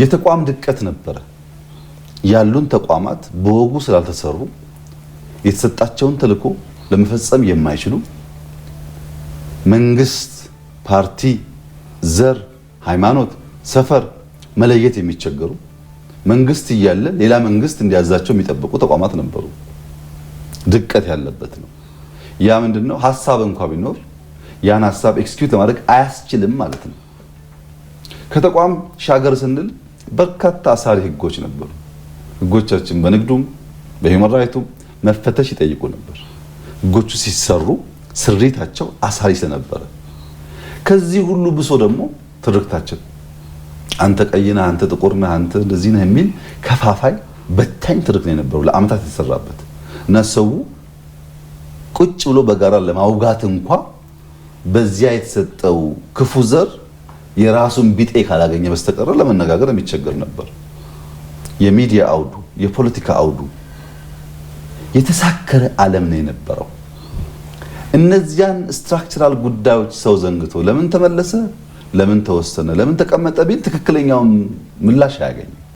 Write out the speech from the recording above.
የተቋም ድቀት ነበረ። ያሉን ተቋማት በወጉ ስላልተሰሩ የተሰጣቸውን ተልዕኮ ለመፈጸም የማይችሉ መንግስት፣ ፓርቲ፣ ዘር፣ ሃይማኖት፣ ሰፈር መለየት የሚቸገሩ መንግስት እያለ ሌላ መንግስት እንዲያዛቸው የሚጠብቁ ተቋማት ነበሩ። ድቀት ያለበት ነው። ያ ምንድነው ሀሳብ እንኳ ቢኖር ያን ሀሳብ ኤክስኪዩት ለማድረግ አያስችልም ማለት ነው። ከተቋም ሻገር ስንል በርካታ አሳሪ ህጎች ነበሩ። ህጎቻችን በንግዱም በሂውማን ራይቱም መፈተሽ ይጠይቁ ነበር። ህጎቹ ሲሰሩ ስሪታቸው አሳሪ ስለነበረ ከዚህ ሁሉ ብሶ ደግሞ ትርክታችን አንተ ቀይና አንተ ጥቁርና አንተ እንደዚህ ነህ የሚል ከፋፋይ በታኝ ትርክ ነው የነበረው ለአመታት የተሰራበት እና ሰው ቁጭ ብሎ በጋራ ለማውጋት እንኳ በዚያ የተሰጠው ክፉ ዘር የራሱን ቢጤ ካላገኘ በስተቀር ለመነጋገር የሚቸገር ነበር። የሚዲያ አውዱ፣ የፖለቲካ አውዱ የተሳከረ ዓለም ነው የነበረው። እነዚያን ስትራክቸራል ጉዳዮች ሰው ዘንግቶ ለምን ተመለሰ፣ ለምን ተወሰነ፣ ለምን ተቀመጠ ቢል ትክክለኛውን ምላሽ አያገኝም።